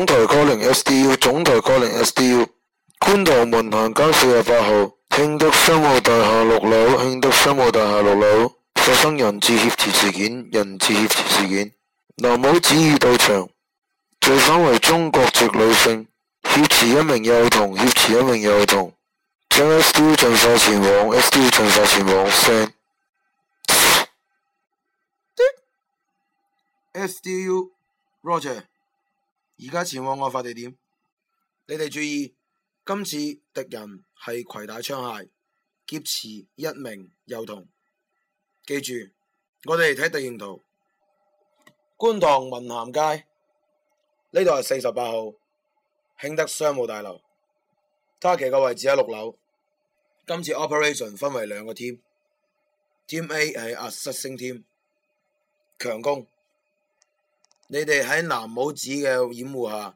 總台 calling S D U，總台 calling S D U，觀塘文行街四十八號，慶德商務大廈六樓，慶德商務大廈六樓發生人質挾持事件，人質挾持事件，男武指意到場，罪犯為中國籍女性，挾持一名幼童，挾持一名幼童，S D U 盡快前往，S D U 盡快前往 S D U，Roger。Seng 而家前往案發地點，你哋注意，今次敵人係携帶槍械劫持一名幼童，記住，我哋睇地形圖，觀塘文咸街呢度係四十八號興德商務大樓，揸旗個位置喺六樓，今次 operation 分為兩個 team，team team A 係壓殺星 t 強攻。你哋喺南武子嘅掩護下，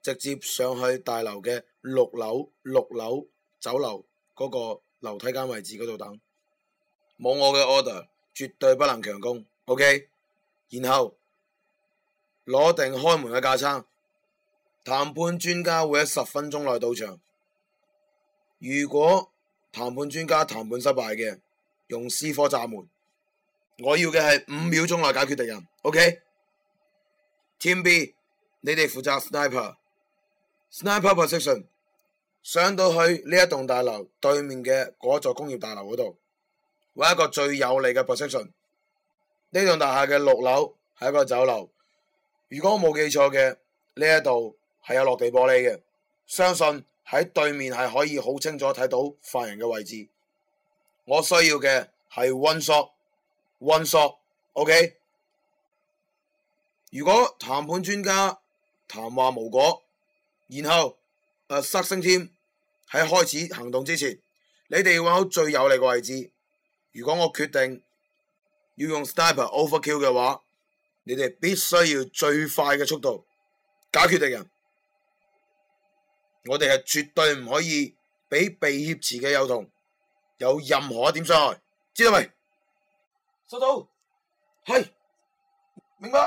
直接上去大樓嘅六樓，六樓酒樓嗰個樓梯間位置嗰度等，冇我嘅 order，絕對不能強攻，OK？然後攞定開門嘅架撐，談判專家會喺十分鐘內到場。如果談判專家談判失敗嘅，用私科炸門。我要嘅係五秒鐘內解決敵人，OK？Team B，你哋負責 sniper，sniper position，上到去呢一棟大樓對面嘅嗰座工業大樓嗰度，搵一個最有利嘅 position。呢棟大廈嘅六樓係一個酒樓，如果我冇記錯嘅，呢一度係有落地玻璃嘅，相信喺對面係可以好清楚睇到犯人嘅位置。我需要嘅係 one shot，one shot，OK？如果談判專家談話無果，然後誒失、啊、聲添，喺開始行動之前，你哋要搵好最有利嘅位置。如果我決定要用 Sniper Overkill 嘅話，你哋必須要最快嘅速度解決敵人。我哋係絕對唔可以俾被挾持嘅幼童有任何一點傷害，知道未？收到，係明白。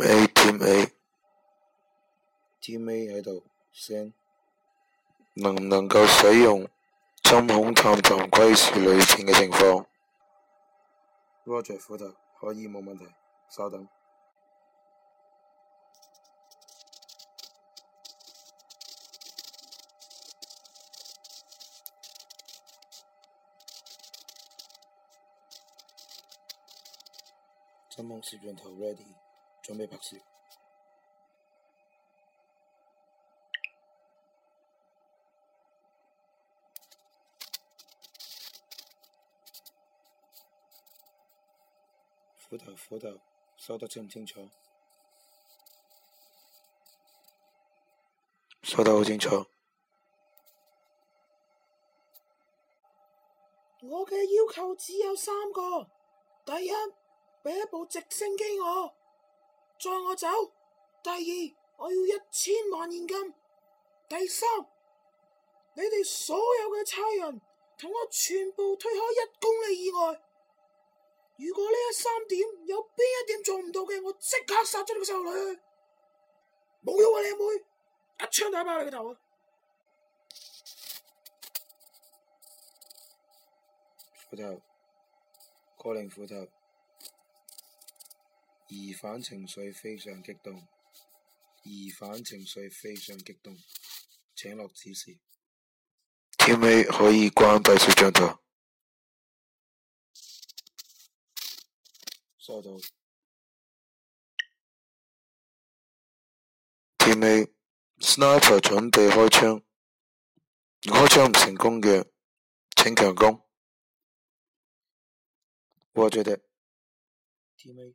A Team, A Team, A 喺度，聲能唔能夠使用針孔探探歸屬類型嘅情況 Roger 斧頭可以冇問題，稍等。針孔攝像頭 ready。全面拍攝。斧頭，斧頭，收得清唔清楚？收得好清楚。我嘅要求只有三個：第一，俾一部直升機我。載我走。第二，我要一千萬現金。第三，你哋所有嘅差人同我全部推開一公里以外。如果呢一三點有邊一點做唔到嘅，我即刻殺咗呢個少女。冇用啊，靚妹，妹，一槍打爆你個頭啊！斧頭，過零斧頭。疑犯情緒非常激動，疑犯情緒非常激動。請落指示。天美可以關閉攝像頭。收到。天美，Sniper 準備開槍，開槍唔成功嘅請強攻。我覺得，天美。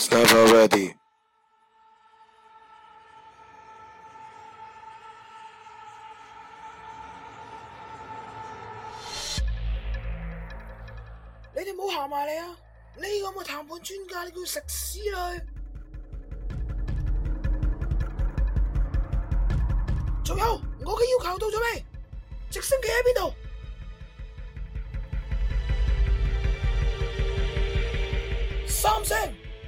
Sniper ready！你哋唔好行埋嚟啊！呢個冇談判專家，你叫佢食屎！仲有，我嘅要求到咗未？直升機喺邊度？三星。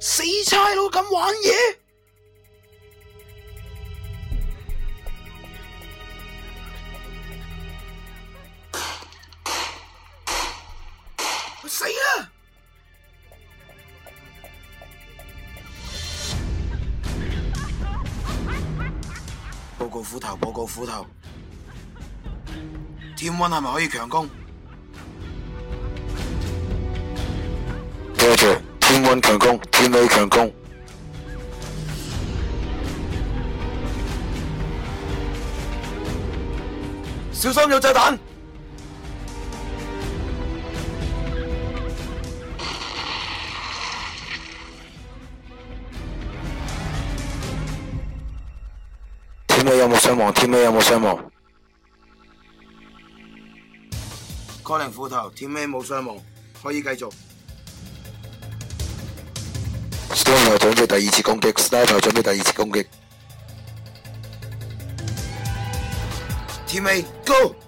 死差佬咁玩嘢！死啦！報告斧頭，報告斧頭。天温係咪可以強攻？穩強攻，天美強攻，小心有炸彈！天美有冇傷亡？天美有冇傷亡？確認斧頭，天美冇傷亡，可以繼續。左後準備第二次攻擊，右後準備第二次攻擊。甜味，Go！